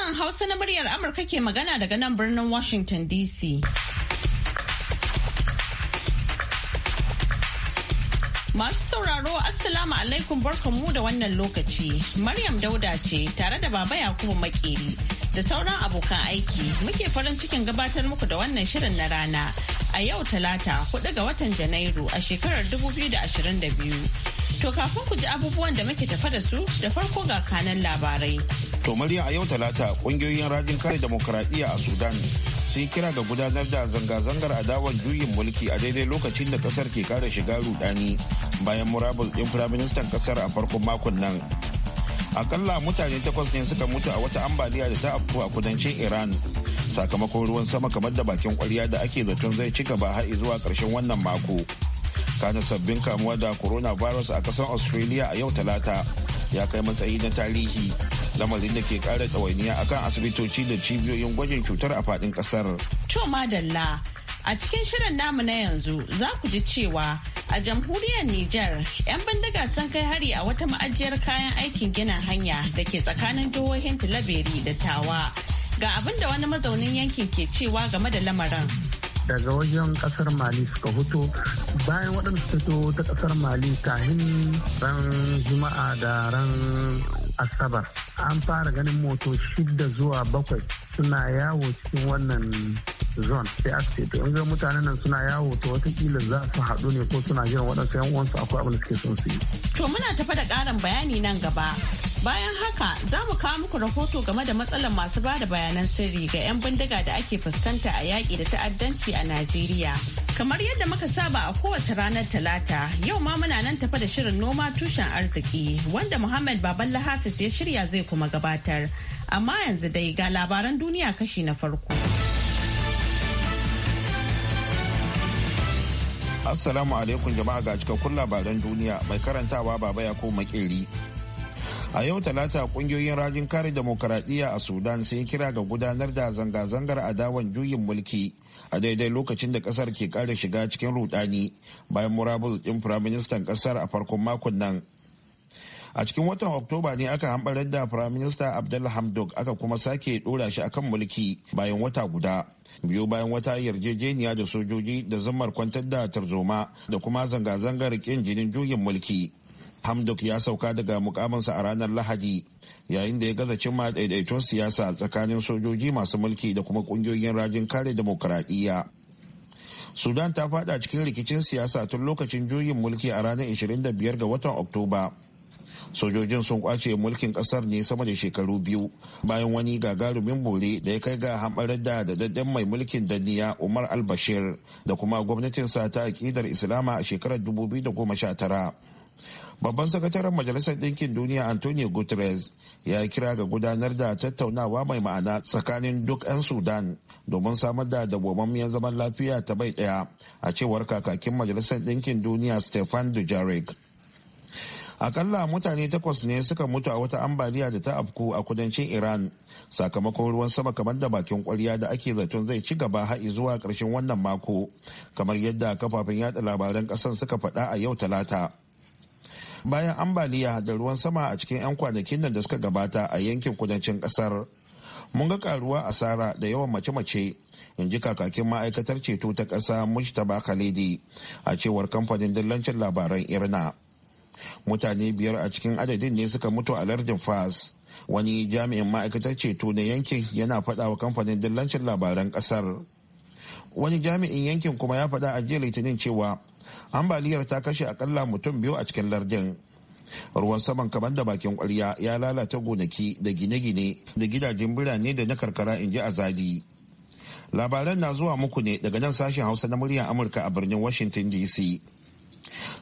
Sashen Hausa na muryar Amurka ke magana daga nan birnin Washington DC. Masu sauraro Assalamu alaikum barkanmu da wannan lokaci. Maryam Dauda ce tare da Baba Yakubu Makeri da sauran abokan aiki muke farin cikin gabatar muku da wannan shirin na rana a yau talata hudu ga watan Janairu a shekarar 2022. To kafin ku ji abubuwan da muke tafa da su da farko ga kanan labarai. to murya a yau talata kungiyoyin rajin kare demokradiyya a sudan sun kira ga gudanar da zanga-zangar adawar juyin mulki a daidai lokacin da kasar ke kara shiga rudani bayan murabus ɗin firaministan kasar a farkon makon nan akalla mutane takwas ne suka mutu a wata ambaliya da ta afku a kudancin iran sakamakon ruwan sama kamar da bakin kwarya da ake zaton zai ci gaba har zuwa karshen wannan mako kana sabbin kamuwa da coronavirus a kasar australia a yau talata ya kai matsayi na tarihi lamarin da ke kara a kan asibitoci da cibiyoyin gwajin cutar a faɗin ƙasar. To madalla a cikin shirin namu na yanzu za ku ji cewa a jamhuriyar Nijar 'yan bindiga sun kai hari a wata ma'ajiyar kayan aikin gina hanya da ke tsakanin jihohin Tilaberi da Tawa. Ga abin da wani mazaunin yankin ke cewa game da lamarin. daga wajen kasar mali suka hoto bayan waɗanda suka fito ta kasar mali kahin ran juma'a da ran asabar an fara ganin moto shida zuwa bakwai suna yawo cikin wannan zon sai a ce in ga mutanen nan suna yawo to watakila za su haɗu ne ko suna jiran waɗansu yan uwansu akwai abin da suke son su yi. to muna tafa da ƙarin bayani nan gaba bayan haka za mu kawo muku rahoto game da matsalar masu ba da bayanan sirri ga 'yan bindiga da ake fuskanta a yaƙi da ta'addanci a najeriya Kamar yadda muka saba a kowace ranar Talata, yau ma muna nan tafa da shirin noma tushen arziki wanda Muhammad Baban Lahafis ya shirya zai kuma gabatar. Amma yanzu dai ga labaran duniya kashi na farko. Assalamu alaikum jama'a ga cikakkun labaran duniya mai karantawa Baba ya koma Makeri. a yau talata kungiyoyin rajin kare demokaradiyya a sudan sun kira ga gudanar da zanga-zangar adawan juyin mulki a daidai lokacin da kasar ke kara shiga cikin rudani bayan murabus din firaministan kasar a farkon makon nan a cikin watan oktoba ne aka hambarar da firaminista abdul hamdok aka kuma sake dora shi akan mulki bayan wata guda biyu bayan wata yarjejeniya da sojoji da zammar kwantar da tarzoma da kuma zanga-zangar kin jinin juyin mulki hamdok ya sauka daga mukaminsa a ranar lahadi yayin da ya gaza cimma daidaiton siyasa tsakanin sojoji masu mulki da kuma kungiyoyin rajin kare demokuraɗiyya sudan ta fada cikin rikicin siyasa tun lokacin juyin mulki a ranar 25 ga watan oktoba sojojin sun kwace mulkin kasar ne sama da shekaru biyu bayan wani gagarumin bore da ya kai ga hamɓarar da dadadden mai mulkin danniya umar albashir da kuma gwamnatinsa ta aƙidar islama a shekarar 2019 babban sakataren majalisar ɗinkin duniya antonio guterres ya kira ga gudanar da tattaunawa mai ma'ana tsakanin duk 'yan sudan domin samar da dawwammamiyar zaman lafiya ta bai ɗaya a cewar kakakin majalisar ɗinkin duniya stefan dujarric akalla mutane takwas ne suka mutu a wata ambaliya da ta afku a kudancin iran sakamakon ruwan sama kamar da bakin kwarya da ake zaton zai ci gaba ha'i zuwa karshen wannan mako kamar yadda kafafen yada labaran kasan suka faɗa a yau talata bayan ambaliya da ruwan sama a cikin 'yan kwanakin nan da suka gabata a yankin kudancin kasar mun ga karuwa asara da yawan mace-mace in ji kakakin ma'aikatar ceto ta ƙasa mujtaba khalidi a cewar kamfanin dillancin labaran irna mutane biyar a cikin adadin ne suka mutu a lardin fas wani jami'in ma'aikatar ceto na yankin yana faɗa wa kamfanin dillancin labaran ƙasar wani jami'in yankin kuma ya faɗa a jiya litinin cewa ambaliyar ta kashe akalla mutum biyu a cikin lardin ruwan saman kamar da bakin kwarya ya lalata gonaki da gine-gine da gidajen birane da na karkara in ji azadi labaran na zuwa muku ne daga nan sashen hausa na muryar amurka a birnin washington dc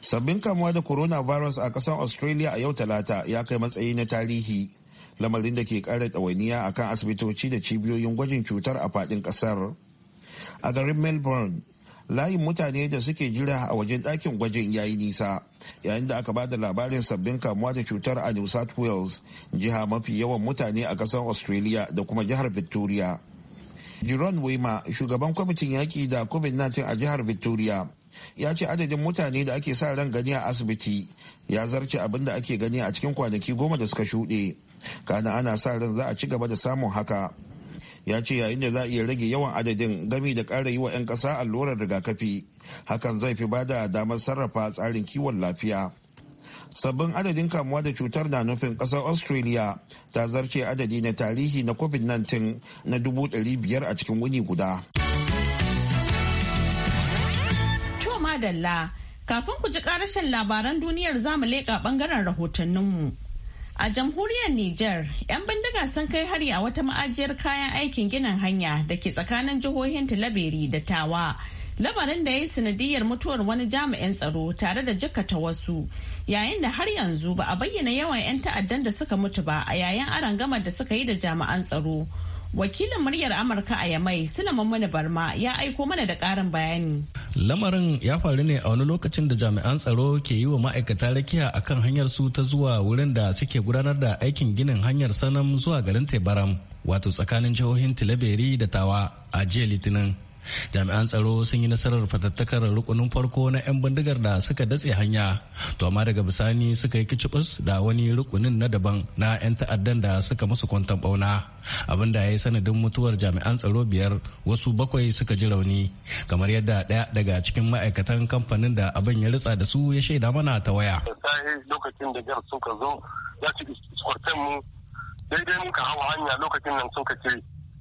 sabbin kamuwa da corona virus a kasar australia a yau talata ya kai matsayi na tarihi lamarin da ke kara ɗawainiya a kan asibitoci da cibiyoyin gwajin cutar a faɗin ƙasar a garin melbourne layin mutane da suke jira a wajen dakin gwajin yayi nisa yayin da aka bada labarin sabbin kamuwa da cutar a new south wales jiha mafi yawan mutane a ƙasar australia da kuma jihar victoria jiron Wema, shugaban kwamitin yaƙi da COVID-19 a jihar Victoria, ya ce adadin mutane da ake sa ran gani a asibiti ya zarce abin da ake gani a cikin kwanaki goma da suka shuɗe. Kana ana sa ran za a ci gaba da samun haka ya ce yayin da za a iya rage yawan adadin gami da ƙara yi wa 'yan ƙasa allurar rigakafi hakan zai fi bada damar sarrafa tsarin kiwon lafiya sabbin adadin kamuwa da cutar na nufin ƙasar australia ta zarce adadi na tarihi na covid-19 na dubu biyar a cikin wuni guda madalla kafin ku ji karashin labaran duniyar zamu leƙa bangaren rahotanninmu. A jamhuriyar Nijar, 'yan bindiga sun kai hari a wata ma'ajiyar kayan aikin ginin hanya da ke tsakanin jihohin Talabiri da Tawa. Labarin da ya yi sanadiyar mutuwar wani jami'in tsaro tare da jikata wasu, yayin da har yanzu ba a bayyana yawan 'yan ta'addan da suka mutu ba a yayin arangamar da suka yi da jami'an tsaro. Wakilin muryar Amurka a Yamai, Sulaiman Barma ya aiko mana da ƙarin bayani. Lamarin ya faru ne a wani lokacin da jami'an tsaro ke yi wa ma'aikata rakiya a kan hanyar su ta zuwa wurin da suke gudanar da aikin ginin hanyar sanam zuwa garin Tebaram, wato tsakanin jihohin Tilaberi da Tawa a jiya Litinin. jami'an tsaro sun yi nasarar fatattakar rukunin farko na 'yan bindigar da suka datse hanya to amma daga bisani suka yi kicibus da wani rukunin na daban na 'yan ta'addan da suka musu kwantan bauna abin da ya yi sanadin mutuwar jami'an tsaro biyar wasu bakwai suka ji rauni kamar yadda ɗaya daga cikin ma'aikatan kamfanin da abin ya ritsa da su ya shaida mana ta waya. lokacin da jar suka zo za su mu daidai muka hawa hanya lokacin nan suka ce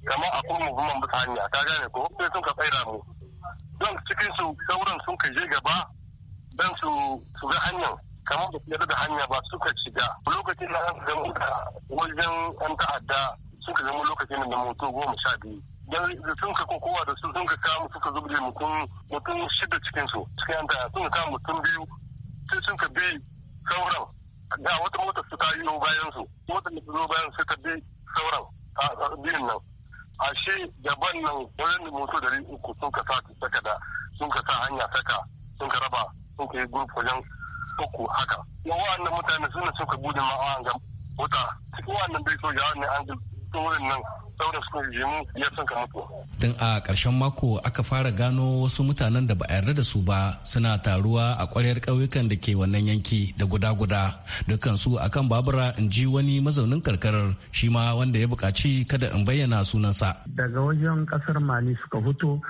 kamar a akwai ta hanya ta gane ko sai sun ka tsaira mu don cikin su sauran sun ka je gaba don su su ga hanyar kamar da yarda da hanya ba suka shiga lokacin da an zama da wajen an ta'adda suka zama lokacin da moto goma sha biyu yanzu sun ka kokowa da su sun ka kama suka zubje mutum mutum shida cikin su cikin an ta'adda sun ka kama mutum biyu sai sun ka bi sauran da wata motar su ta yi bayan su motar da su zo bayan su ta bi sauran a biyun nan ashe daban nan wajen da mutu dari uku sun ka sa saka da sun ka sa hanya saka sun ka raba sun ka yi group wajen uku haka. Wa'annan mutane suna suka bude ma'a ga wuta. cikin Wa'annan bai soja ne an turin nan suka jimu ya ka mutu. Tun a ƙarshen mako aka fara gano wasu mutanen da ba a yarda da su ba suna taruwa a ƙwaryar ƙauyukan da ke wannan yanki da guda-guda dukansu kan babura in ji wani mazaunin karkarar shi ma wanda ya buƙaci kada in bayyana sunansa. Daga wajen ƙasar Mali suka fito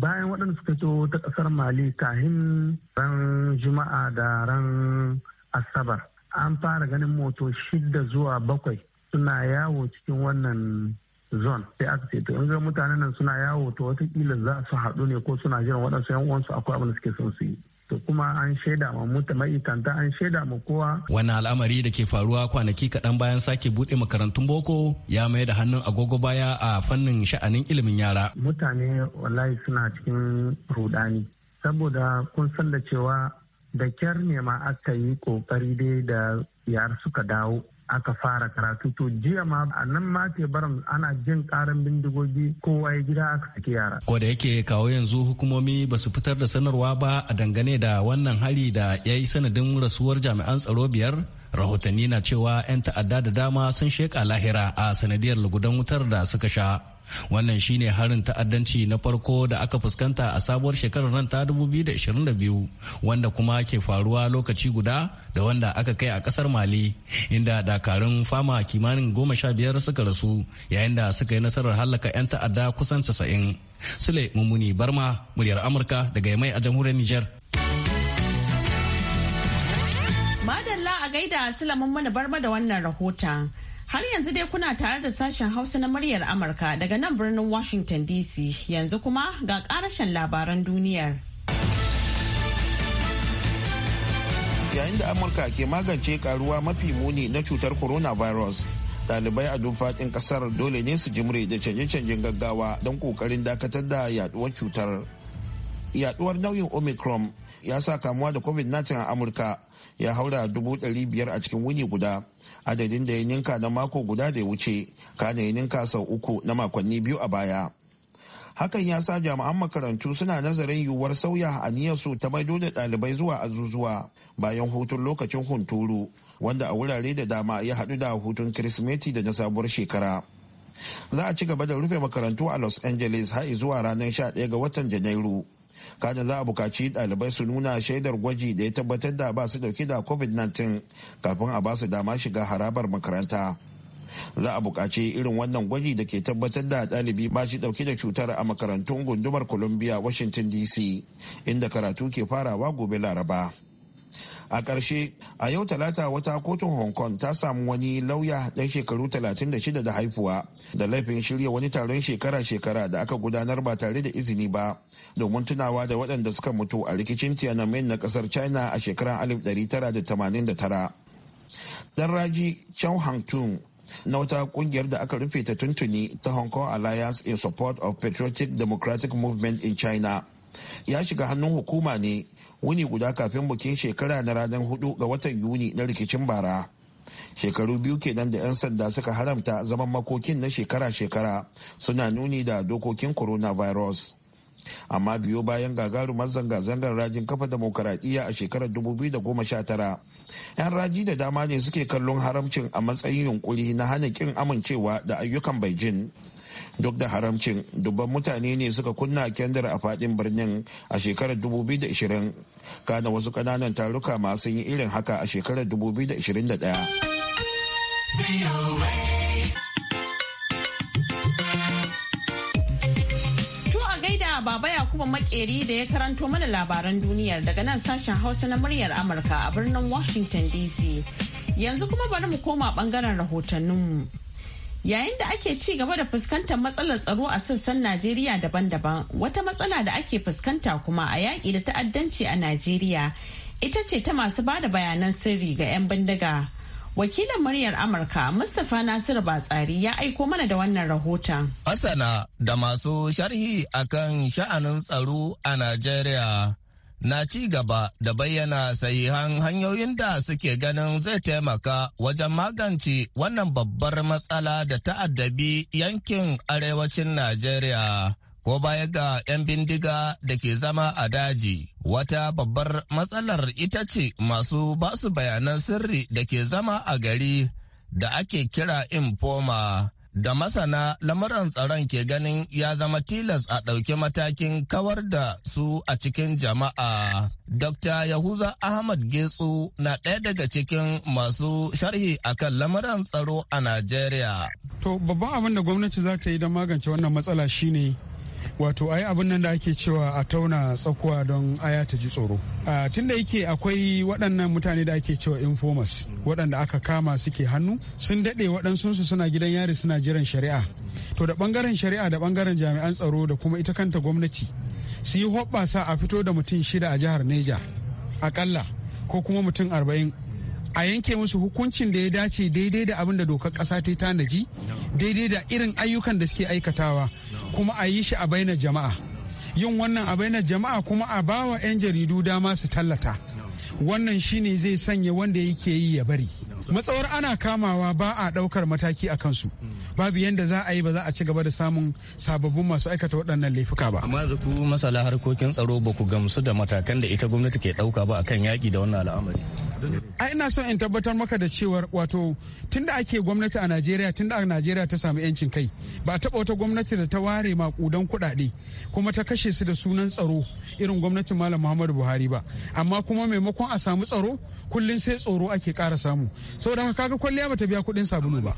bayan waɗanda suka fito ta ƙasar Mali kahin ran Juma'a da ran Asabar an fara ganin moto shida zuwa bakwai suna yawo cikin wannan zon. sai aka ce to in ga mutanen nan suna yawo to watakila za su haɗu ne ko suna jiran waɗansu yan uwansu akwai abin da suke son su yi to kuma an shaida ma mutum ma'aikanta an shaida ma kowa. wani al'amari da ke faruwa kwanaki kaɗan bayan sake buɗe makarantun boko ya mai da hannun agogo baya a fannin sha'anin ilimin yara. Mutane wallahi suna cikin rudani saboda kun san da cewa da kyar ne ma aka yi kokari dai da yar suka dawo aka fara karatu to jiya ma a nan ma ke ana jin karin bindigogi kowa ya gida aka saki yara. Ko da yake kawo yanzu hukumomi ba su fitar da sanarwa ba a dangane da wannan hari da ya yi sanadin rasuwar jami'an tsaro biyar rahotanni na cewa 'yan ta'adda da dama sun sheka lahira a sanadiyar lugudan wutar da suka sha. wannan shine harin ta'addanci na farko da aka fuskanta a sabuwar shekarar nan ta 2022 wanda kuma ke faruwa lokaci guda da wanda aka kai a kasar mali inda dakarun fama kimanin goma sha biyar suka rasu yayin da suka yi nasarar hallaka 'yan ta'adda kusan casa'in. sule mummuni barma muryar amurka daga yamai a jamhuriyar niger madalla a gaida sulamun mana barma da wannan rahoton Har yanzu dai kuna tare da sashen Hausa na muryar Amurka daga nan birnin Washington DC yanzu kuma ga karashen labaran duniyar. Yayin da Amurka ke magance karuwa mafi muni na cutar coronavirus, dalibai a duk faɗin ƙasar dole ne su jimre da canje-canjen gaggawa don ƙoƙarin dakatar da yaduwar cutar. Yaduwar nauyin Omicron ya sa kamuwa da covid-19 a amurka ya haura dubu ɗari biyar a cikin wuni guda adadin da ya ninka na mako guda da ya wuce kana ya ninka sau uku na makonni biyu a baya hakan ya sa jami'an makarantu suna nazarin yiwuwar sauya aniyarsu ta maido da ɗalibai zuwa azuzuwa bayan hutun lokacin hunturu wanda a wurare da dama ya haɗu da hutun kirsimeti da na sabuwar shekara za a ci gaba da rufe makarantu a los angeles har zuwa ranar 11 ga watan janairu kada za a bukaci ɗalibai su nuna shaidar gwaji da ya tabbatar da ba su dauki da covid-19 kafin a ba su dama shiga harabar makaranta za a bukaci irin wannan gwaji da ke tabbatar da ɗalibi ba shi ɗauke da cutar a makarantun gundumar columbia washington dc inda karatu ke farawa gobe laraba a ƙarshe a yau talata wata kotun hong kong ta samu wani lauya ɗan shekaru 36 da haifuwa da laifin shirya wani taron shekara-shekara da aka gudanar ba tare da izini ba domin tunawa da waɗanda suka mutu a rikicin tiananmen na ƙasar china a shekarar 1989 dan raji chow hang tung na wata kungiyar da aka rufe ta tuntuni ta hong kong alliance in support of patriotic democratic movement in china ya shiga hannun hukuma ne wuni guda kafin bukin shekara na ranar hudu ga watan yuni na rikicin bara shekaru biyu kenan da 'yan sanda suka haramta zaman makokin na shekara-shekara suna nuni da dokokin coronavirus amma biyo bayan gagarumar zanga-zangar rajin kafa demokaradiyya a shekarar 2019 'yan raji da dama ne suke kallon haramcin a matsayin yunkuri na hana kin amincewa da ayyukan beijing duk da haramcin dubban mutane ne suka kunna kendir a fadin birnin a shekarar 2020 kana wasu kananan taruka masu yi irin haka a shekarar 2021 Baba Yakubu Makeri da ya karanto mana labaran duniyar daga nan sashen Hausa na muryar Amurka a birnin Washington DC. Yanzu kuma bari mu koma bangaren rahotanninmu. Yayin da ake ci gaba da fuskantar matsalar tsaro a sassan Najeriya daban-daban, wata matsala da ake fuskanta kuma a yaƙi da ta'addanci a Najeriya ita ce ta masu ba da bayanan sirri ga 'yan bindiga. Wakilin muryar Amurka Mustapha Nasiru Batsari ya aiko mana da wannan rahoton. Masana da masu sharhi akan sha'anin tsaro a Najeriya na ci gaba da bayyana sahihan hanyoyin da suke ganin zai taimaka wajen magance wannan babbar matsala da ta'addabi yankin arewacin Najeriya. Ko baya ga 'yan bindiga da ke zama a daji, wata babbar matsalar ita ce masu basu bayanan sirri da ke zama a gari da ake kira infoma. da masana lamuran tsaron ke ganin ya zama tilas a ɗauki matakin kawar da su a cikin jama'a. Dr. Yahuza Ahmad Getsu na ɗaya daga cikin masu sharhi akan lamuran tsaro a Najeriya. To babban abin da gwamnati za ta yi don magance wannan matsala shine wato ayi abin nan da ake cewa a tauna tsakuwa don aya ta ji tsoro Tunda yake akwai waɗannan mutane da ake cewa informers waɗanda aka kama suke hannu sun daɗe waɗansu su suna gidan yari suna jiran shari'a to da ɓangaren shari'a da ɓangaren jami'an tsaro da kuma ita kanta gwamnati su yi hoɓɓasa a fito da mutum shida a jihar neja akalla ko kuma mutum arba'in a yanke musu hukuncin da ya dace daidai da abin da dokar ƙasa ta tanaji daidai da irin ayyukan da suke aikatawa kuma a yi shi a bainar jama'a yin wannan a bainar jama'a kuma a bawa 'yan jaridu dama su tallata wannan shine zai sanya wanda yake yi ya bari matsawar ana kamawa ba a ɗaukar mataki a kansu babu yadda za a yi ba za a ci gaba da samun sababbin masu aikata waɗannan laifuka ba amma da ku masala harkokin tsaro ba ku gamsu da matakan da ita gwamnati ke ɗauka ba akan yaƙi da wannan al'amari a ina son in tabbatar maka da cewar wato tunda ake gwamnati a najeriya tunda a najeriya ta samu yancin kai ba a taɓa wata gwamnati da ta ware makudan kuɗaɗe kuma ta kashe su da sunan tsaro irin gwamnatin malam muhammadu buhari ba amma kuma maimakon a samu tsaro kullum sai tsoro ake kara samu saboda haka kaga kwalliya bata biya kuɗin sabulu ba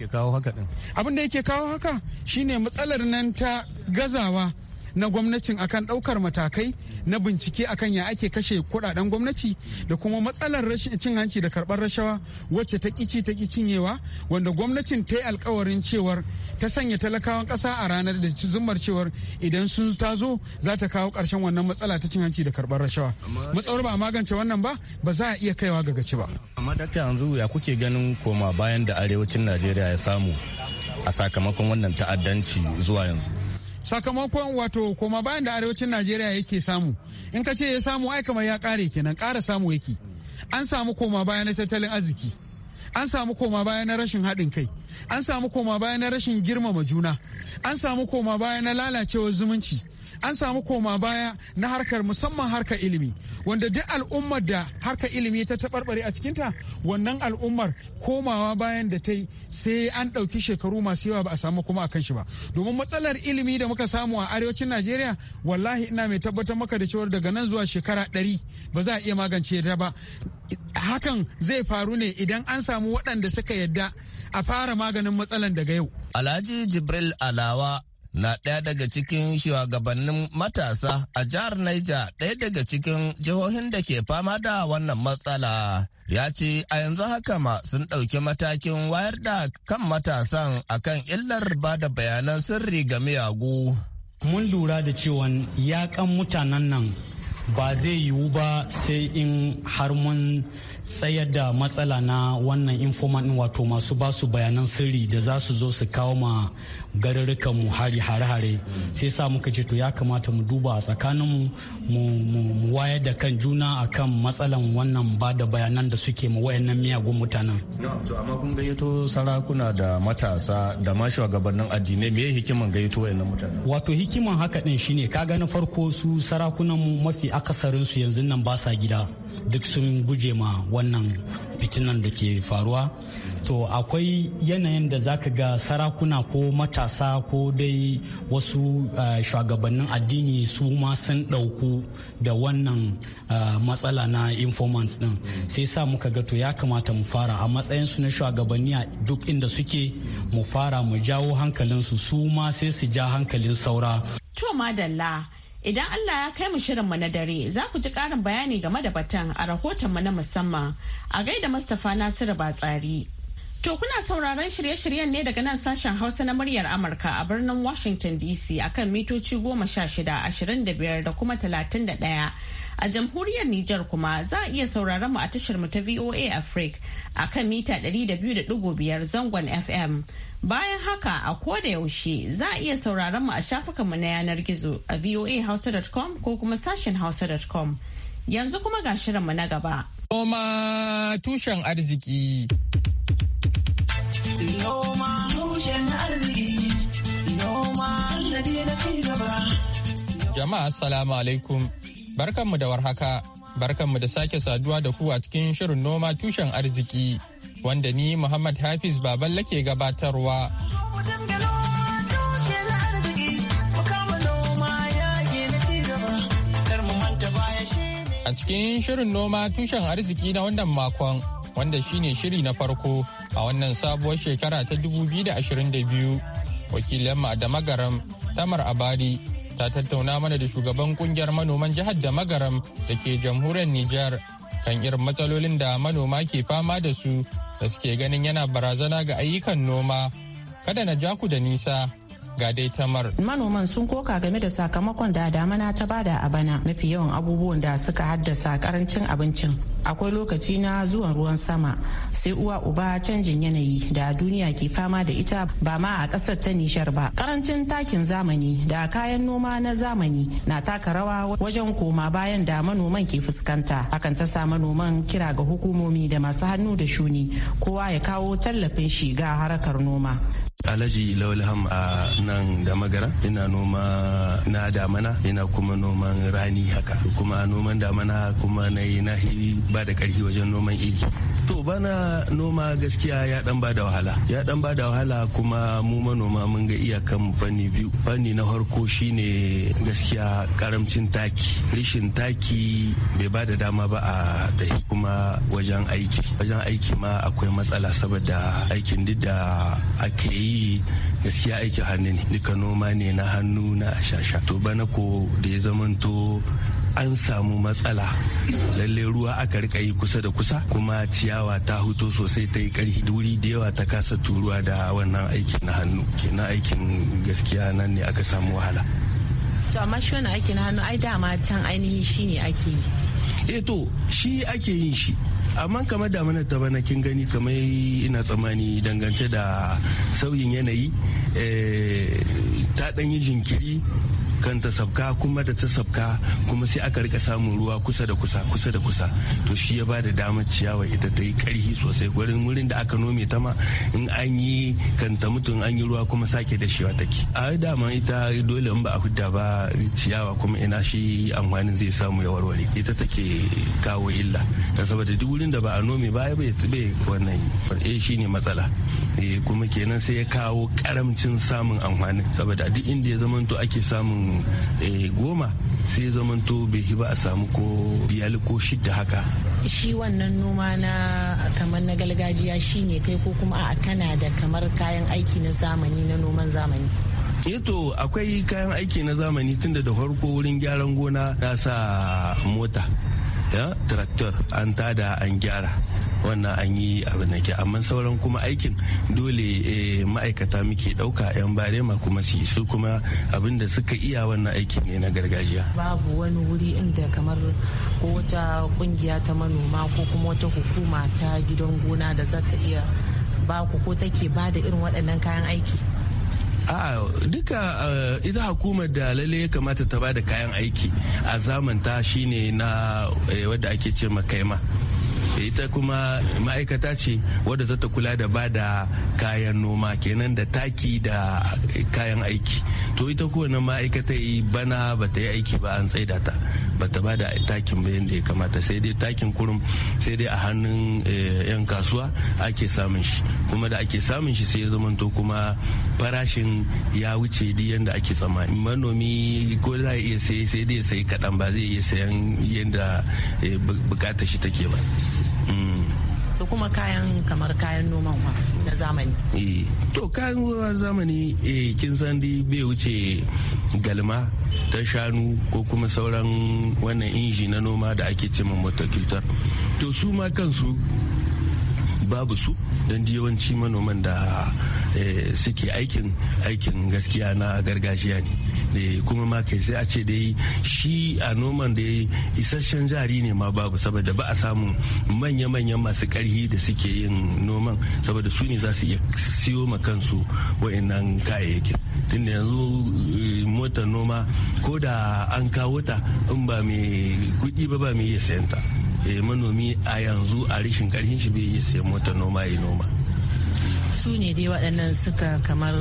abin da yake kawo haka shine matsalar nan ta gazawa na gwamnatin akan ɗaukar matakai na bincike akan ya ake kashe kuɗaɗen gwamnati da kuma matsalar rashin cin hanci da karbar rashawa wacce ta ƙici ta ƙi cinyewa wanda gwamnatin ta yi alkawarin cewar ta sanya talakawan ƙasa a ranar da zumar cewar idan sun ta zo za ta kawo ƙarshen wannan matsala ta cin hanci da karɓar rashawa matsalar ba a magance wannan ba ba za a iya kaiwa ga gaci ba amma dakta yanzu ya kuke ganin koma bayan da arewacin najeriya ya samu a sakamakon wannan ta'addanci zuwa yanzu sakamakon wato koma bayan da arewacin najeriya yake samu in ka ce ya samu ai kamar ya kare kenan kara samu yake an samu koma baya na tattalin arziki an samu koma baya na rashin haɗin kai an samu koma baya na rashin girmama juna an samu koma baya na lalacewar zumunci an samu koma baya na harkar musamman harkar ilimi wanda duk al'ummar da harka ilimi ta taɓarɓare a cikinta wannan al'ummar komawa bayan da ta yi sai an ɗauki shekaru masu yawa ba a samu kuma a kan shi ba domin matsalar ilimi da muka samu a arewacin najeriya wallahi ina mai tabbatar maka da cewar daga nan zuwa shekara ɗari ba za a iya magance ta ba hakan zai faru ne idan an samu waɗanda suka yadda a fara maganin matsalan daga yau. Alhaji Jibril Alawa na ɗaya daga cikin shugabannin matasa a jihar Niger ɗaya daga cikin jihohin da ke fama da wannan matsala. Ya ce a yanzu haka ma sun ɗauki matakin wayar da kan matasan akan illar ba da bayanan sirri ga miyagu. Mun lura da cewa yakan mutanen nan ba zai yiwu ba sai in har mun tsayar da matsala na wannan informant wato masu basu bayanan sirri da za su zo su kawo ma garurrukan mu hari hare-hare sai sa muka ce to ya kamata mu duba a tsakanin mu mu wayar da kan juna akan matsalan wannan ba da bayanan da suke mu wayannan miyagun mutanen to amma kun gayyato sarakuna da matasa da ma shugabannin addinai me hikiman gayyato wayannan mutanen wato hikiman haka din shine ga na farko su sarakunan mu mafi akasarin su yanzu nan ba sa gida duk sun guje ma wannan fitinan da ke faruwa to akwai yanayin da zaka ga sarakuna ko matasa ko dai wasu shugabannin addini su ma sun ɗauku da wannan matsala na informants din sai sa muka ga to ya kamata mu fara a matsayin su na shugabanni a duk inda suke mu fara mu jawo hankalinsu su ma sai su ja hankalin saura to madalla Idan Allah ya kai mu shirin mu na dare za ku ji karin bayani game da batun a rahoton mu na musamman a gaida Mustapha Nasiru Batsari. To kuna sauraron shirye-shiryen ne daga nan sashen Hausa na muryar Amurka a birnin Washington DC akan mitoci goma sha shida ashirin da biyar da kuma talatin da ɗaya. A jamhuriyar Nijar kuma za a iya sauraron mu a tashar mu ta VOA Africa a kan mita ɗari da da biyu 200.5 zangon FM. Bayan haka a koda yaushe za a iya sauraron mu a shafukanmu na yanar gizo a voahausa.com ko kuma sashen hausa.com. Yanzu kuma ga shirinmu na gaba. Noma tushen arziki. Noma arziki. Noma sannadi na cigaba. Jama'a salamu alaikum. Barkanmu da warhaka. Barkanmu da sake saduwa da ku a cikin shirin noma tushen arziki wanda ni Muhammad Hafiz baban lake gabatarwa. A cikin shirin noma tushen arziki na wannan makon wanda shine shiri na farko a wannan sabuwar shekara ta 2022 wakilin mu da magaram tamar abari ta tattauna mana da shugaban kungiyar manoman jihar da magaram da ke jamhuriyar Nijar kan irin matsalolin da manoma ke fama da su da suke ganin yana barazana ga ayyukan noma kada na ja ku da nisa ga dai tamar. Manoman sun koka game da sakamakon da damana ta bada a bana mafi yawan abubuwan da suka haddasa karancin abincin. Akwai lokaci na zuwan ruwan sama sai uwa uba canjin yanayi da duniya ke fama da ita ba ma a ƙasar ta nishar ba. Karancin takin zamani da kayan noma na zamani na taka rawa wajen koma bayan da manoman ke fuskanta. Hakan ta sa manoman kira ga hukumomi da masu hannu da shuni kowa ya kawo tallafin shiga harkar noma. Alhaji Laulham a nan da magara ina noma na damana ina kuma noman rani haka kuma noman damana kuma na yi na ba da karfi wajen noman iri. To bana noma gaskiya ya dan ba da wahala. Ya dan ba da wahala kuma mu manoma mun ga iyakan fanni biyu. Fanni na farko shine gaskiya karamcin taki. Rishin taki bai ba da dama ba a dai kuma wajen aiki. Wajen aiki ma akwai matsala saboda aikin duk da ake yi yi gaskiya aikin hannu ne duka noma ne na hannu na ashasha to bana ko da ya zamanto an samu matsala lalle ruwa aka rika yi kusa da kusa kuma ciyawa ta huto sosai ta yi karhi wuri da yawa ta kasa turuwa da wannan aikin na hannu kenan aikin gaskiya nan ne aka samu wahala to amma shi wannan aikin na hannu ai dama can ainihi shine ake eh to shi ake yin shi amma kamar damina ta bana kin gani kamar ina tsammani dangance da sauyin yanayi eh, ta ɗanyi jinkiri kanta sabka kuma da ta sabka kuma sai aka rika samun ruwa kusa da kusa kusa da kusa to shi ya ba da damar ciyawa ita ta yi karhi sosai gurin wurin da aka nome ta ma in an yi kanta mutum an yi ruwa kuma sake da shewa take a dama ita dole in ba a hudda ba ciyawa kuma ina shi amfanin zai samu ya warware ita take kawo illa da saboda duk wurin da ba a nome ba bai wannan eh shine matsala eh kuma kenan sai ya kawo karamcin samun amfanin saboda duk inda ya zamanto ake samun Eh, goma sai zamanto bai ba a samu ko biyar ko shidda haka shi wannan noma na kamar na gargajiya shine kai ko kuma a kana da kamar kayan aiki na zamani na noman zamani eto eh akwai kayan aiki na zamani tunda da farko wurin gyaran gona na sa mota ya eh, traktor an tada an gyara wannan an yi abin da ke amma sauran kuma aikin dole eh, ma'aikata muke ɗauka 'yan barema kuma su su kuma abin da suka iya wannan aikin ne na gargajiya babu wani wuri inda kamar ko wata kungiya ta manoma ko kuma wata hukuma ta gidan gona da za ta iya ba ku ko take ba da irin waɗannan kayan aiki a duka eh, ita hukumar da lalle ya kamata ta ba da kayan aiki a zamanta shine na eh, wadda ake ce makaima ita kuma ma'aikata ce wadda za ta kula da ba da kayan noma kenan da taki da kayan aiki to ita kowane ma'aikata bana ba ta yi aiki ba an tsaida ta ba ta ba da takin ba yadda ya kamata sai dai takin kurum sai dai a hannun eh, 'yan kasuwa ake samun shi kuma da ake samun shi sai ya zama to kuma farashin ya wuce di yadda ake tsammani manomi ko za a iya sai dai sai kaɗan ba zai iya sayan yadda eh, bukata shi take ba kuma kayan kamar kayan noman na zamani eh, to kayan noman zamani eh, kin san dai bai wuce galma ta shanu ko kuma sauran wannan inji na noma da ake cema motocultor to su ma kansu babu su don yawanci manoman da eh, suke aikin aikin gaskiya na gargajiya ne eh, kuma ma kai sai a ce dai shi a noman da isasshen jari ne ma babu saboda ba a samun manya-manyan masu karhi da suke yin noman saboda su ne za su iya siyo ma kansu wa'annan kayayyakin tunda yanzu eh, mota noma ko da an kawo ta in ba mai kuɗi ba ba mai iya sayanta Eh, manomi a yanzu a rashin karfin shi bai iya sayan mota noma ya noma su ne dai waɗannan suka kamar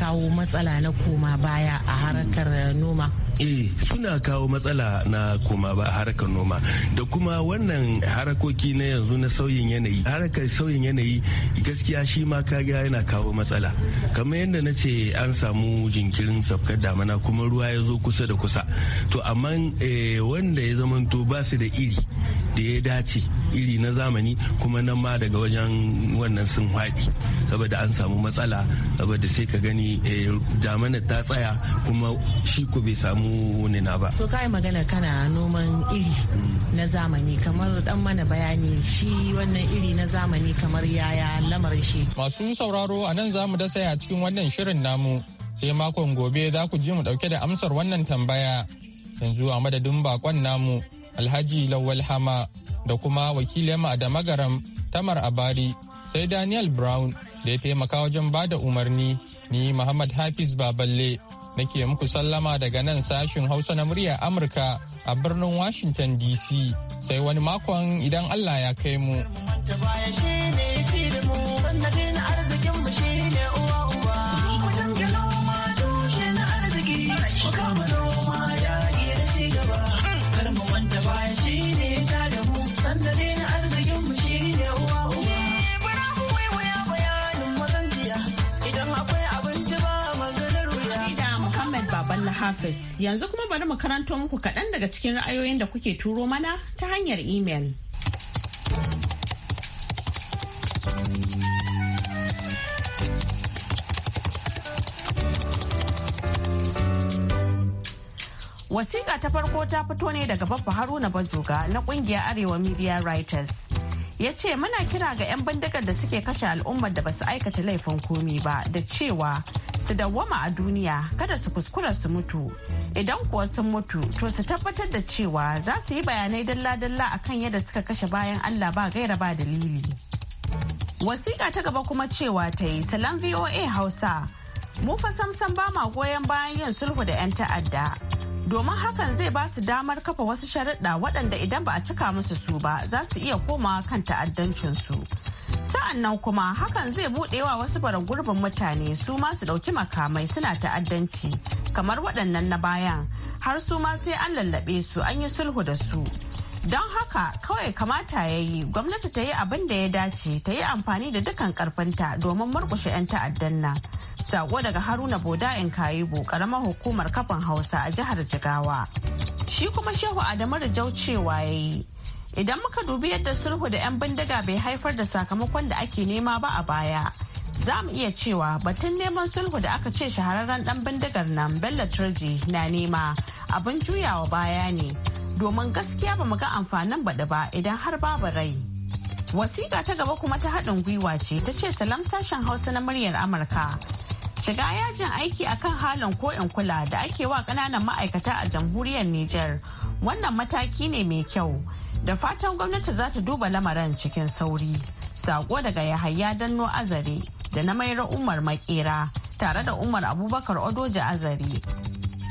kawo matsala na koma baya a harkar noma eh suna kawo matsala na koma ba harkar noma da kuma wannan harakoki na yanzu na sauyin yanayi harakar sauyin yanayi gaskiya shi ma kaga yana kawo matsala kamar yadda na ce an samu jinkirin safkar damana kuma ruwa ya zo kusa da kusa to amma eh, wanda ya zamanto ba su da iri da ya dace iri na zamani kuma nan ma daga wajen wannan sun haɗi saboda an samu matsala saboda sai ka gani eh, damana ta tsaya kuma shi ku bai samu ne na ba. To kai magana kana noman iri na zamani kamar dan mana bayani shi wannan iri na zamani kamar yaya lamarin shi. Masu sauraro a nan za mu dasa a cikin wannan shirin namu sai makon gobe za ku ji mu dauke da amsar wannan tambaya. Yanzu a madadin bakon namu Alhaji Lawal Hama da kuma wakilin ma da magaram Tamar Abari sai Daniel Brown da ya taimaka wajen bada umarni ni Muhammad Hafiz Baballe nake muku sallama daga nan sashin Hausa na muryar Amurka a birnin Washington DC sai wani makon idan Allah ya kai mu. Hafiz. Yanzu kuma bari mu karanto muku kaɗan daga cikin ra'ayoyin da kuke turo mana ta hanyar imel. Wasiƙa ta farko ta fito ne daga Babba Haruna Bajoga na ƙungiyar Arewa Media Writers. ya ce muna kira ga 'yan bindigar da suke kashe al'ummar da basu aikata laifin komi ba da cewa su dawwama a duniya kada su kuskura su mutu idan kuwa sun mutu to su tabbatar da cewa za su yi bayanai dalla-dalla akan yadda suka kashe bayan allah ba gaira ba dalili wasiƙa ta gaba kuma cewa ta yi salon voa hausa mu fa samsam ba ma goyon bayan yin sulhu da 'yan ta'adda domin hakan zai ba su damar kafa wasu sharaɗa waɗanda idan ba a cika musu su ba za su iya komawa kan ta'addancinsu. su sa'annan kuma hakan zai wa wasu bara gurbin mutane su ma su ɗauki makamai suna ta'addanci kamar waɗannan na bayan har su ma sai an lallaɓe su an yi sulhu da su don haka kawai kamata ya yi gwamnati ta yi abin da ya dace ta yi amfani da dukkan karfinta domin murkushe 'yan ta'addan nan sako daga haruna boda in kayibo karamar hukumar kafin hausa a jihar jigawa shi kuma shehu adamu rijau cewa ya yi Idan muka dubi yadda sulhu da 'yan bindiga bai haifar da sakamakon da ake nema ba a baya, za mu iya cewa batun neman sulhu da aka ce shahararren dan bindigar nan Bello Turji na nema abin juyawa baya ne, domin gaskiya ba mu ga amfanin baɗi ba idan har babu rai. Wasiƙa ta gaba kuma ta haɗin gwiwa ce ta ce salam sashen Hausa na muryar Amurka. Shiga yajin aiki a kan halin ko in kula da ake wa ƙananan ma'aikata a jamhuriyar Nijar. Wannan mataki ne mai kyau. Da fatan gwamnati za ta duba lamarin cikin sauri. Sako daga Yahaya Danno Azare da na Maira Umar Makera tare da Umar Abubakar odoji Azare.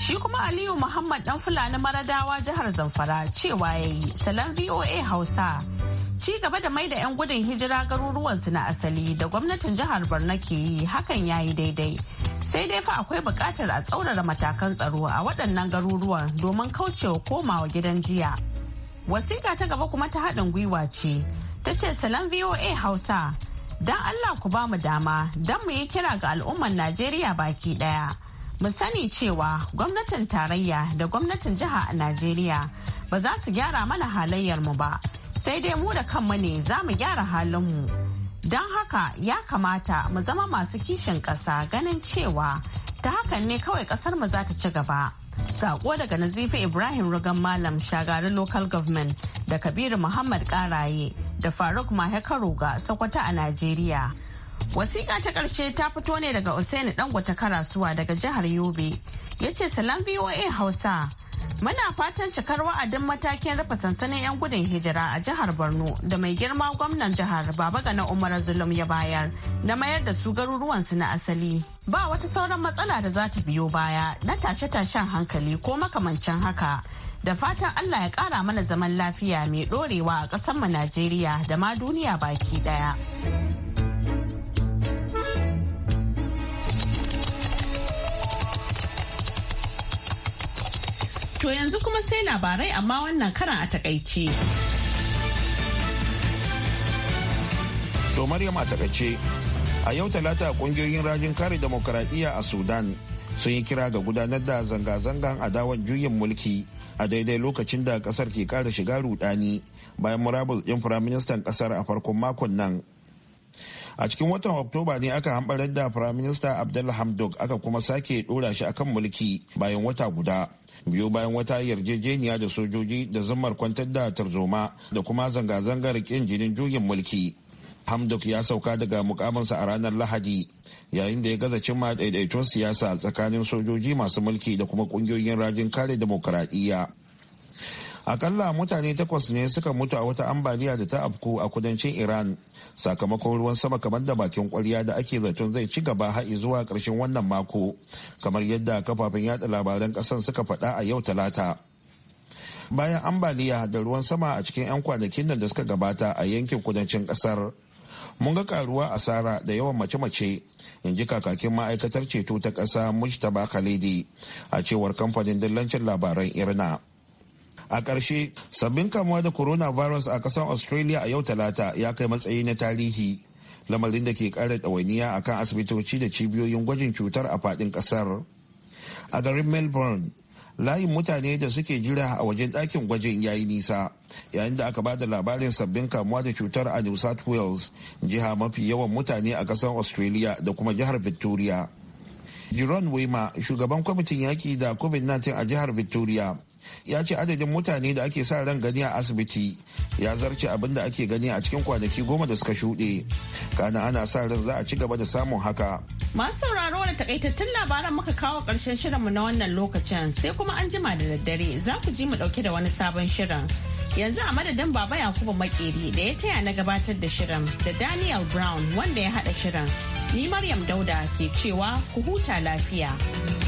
Shi kuma Aliyu Muhammad dan Fulani Maradawa jihar Zamfara cewa ya yi salon VOA Hausa. Ci gaba da mai da 'yan gudun hijira garuruwansu na asali da gwamnatin jihar Borno ke yi hakan ya yi daidai. Sai dai fa akwai buƙatar a tsaurara matakan tsaro a waɗannan garuruwan domin kaucewa komawa gidan jiya. Wasiƙa ta gaba kuma ta haɗin gwiwa ce, ta ce salon VOA Hausa, don Allah ku ba mu dama don mu yi kira ga al'ummar Najeriya baki ɗaya. Mu sani cewa gwamnatin tarayya da gwamnatin jiha a Najeriya ba za su gyara mana halayyar mu ba, sai dai mu da kanmu ne za mu gyara halin mu. don haka ya kamata mu zama masu kishin ƙasa ganin cewa ta hakan ne kawai ƙasar mu za ta ci gaba. Sako daga Nazifi Ibrahim Rugan Malam Shagari Local Government da Kabiru Muhammad Karaye da Faruk Mahekaruga Sakwata a Najeriya. Wasiƙa ta ƙarshe ta fito ne daga Usaini Dangote Karasuwa daga jihar Yobe. Ya ce salam VOA Hausa. Muna fatan cikar wa'adin matakin rufe sansanin 'yan gudun hijira a jihar Borno da mai girma gwamnan jihar Baba Gana Umar Zulum ya bayar na mayar da su garuruwansu na asali. Ba wata sauran matsala da za ta biyo baya na tashe-tashen hankali ko makamancin haka. da fatan Allah ya kara mana zaman lafiya mai dorewa a mu Najeriya da ma duniya baki daya. To yanzu kuma sai labarai amma wannan karan a takaice. To Maryam a takaice, a yau talata kungiyoyin rajin kare demokaradiyya a Sudan sun yi kira ga gudanar da zanga-zangan adawan juyin mulki a daidai lokacin da kasar ke kara shiga rudani bayan murabus ɗin firaministan kasar a farkon makon nan. a cikin watan oktoba ne aka hambarar da firaminista abdullah hamdok aka kuma sake dora shi akan mulki bayan wata guda biyo bayan wata yarjejeniya da sojoji da zammar kwantar da tarzoma da kuma zanga-zangar kin jinin juyin mulki hamdok ya sauka daga mukaminsa a ranar lahadi yayin da ya gaza cimma daidaiton siyasa tsakanin sojoji masu mulki da kuma kungiyoyin rajin kare demokaradiyya akalla mutane takwas ne suka mutu a wata ambaliya da ta afku a kudancin iran sakamakon ruwan sama kamar da bakin kwarya da ake zaton zai ci gaba har zuwa karshen wannan mako kamar yadda kafafen yada labaran kasan suka faɗa a yau talata bayan ambaliya da ruwan sama a cikin 'yan kwanakin nan da suka gabata a yankin kudancin kasar mun ga karuwa asara da yawan mace-mace in ji kakakin ma'aikatar ceto ta ƙasa mujtaba khalidi a cewar kamfanin dillancin labaran irna a ƙarshe sabbin kamuwa da coronavirus a ƙasar australia a yau talata ya kai matsayi na tarihi lamarin da ke ƙara ɗawainiya a kan asibitoci da cibiyoyin gwajin cutar a faɗin ƙasar a garin melbourne layin mutane da suke jira a wajen ɗakin gwajin yayi nisa yayin da aka ba da labarin sabbin kamuwa da cutar a new south wales jiha mafi yawan mutane a ƙasar australia da kuma jihar victoria Jiron Wema, shugaban kwamitin yaƙi da COVID-19 a jihar Victoria, ya ce adadin mutane da ake sa ran gani a asibiti ya zarce abin da ake gani a cikin kwanaki goma da suka shuɗe kana ana sa ran za a ci gaba da samun haka masu sauraro da takaitattun labaran muka kawo ƙarshen shirinmu na wannan lokacin sai kuma an jima da daddare za ku ji mu ɗauke da wani sabon shirin yanzu a madadin baba yakubu makeri da ya taya na gabatar da shirin da daniel brown wanda ya hada shirin ni maryam dauda ke cewa ku huta lafiya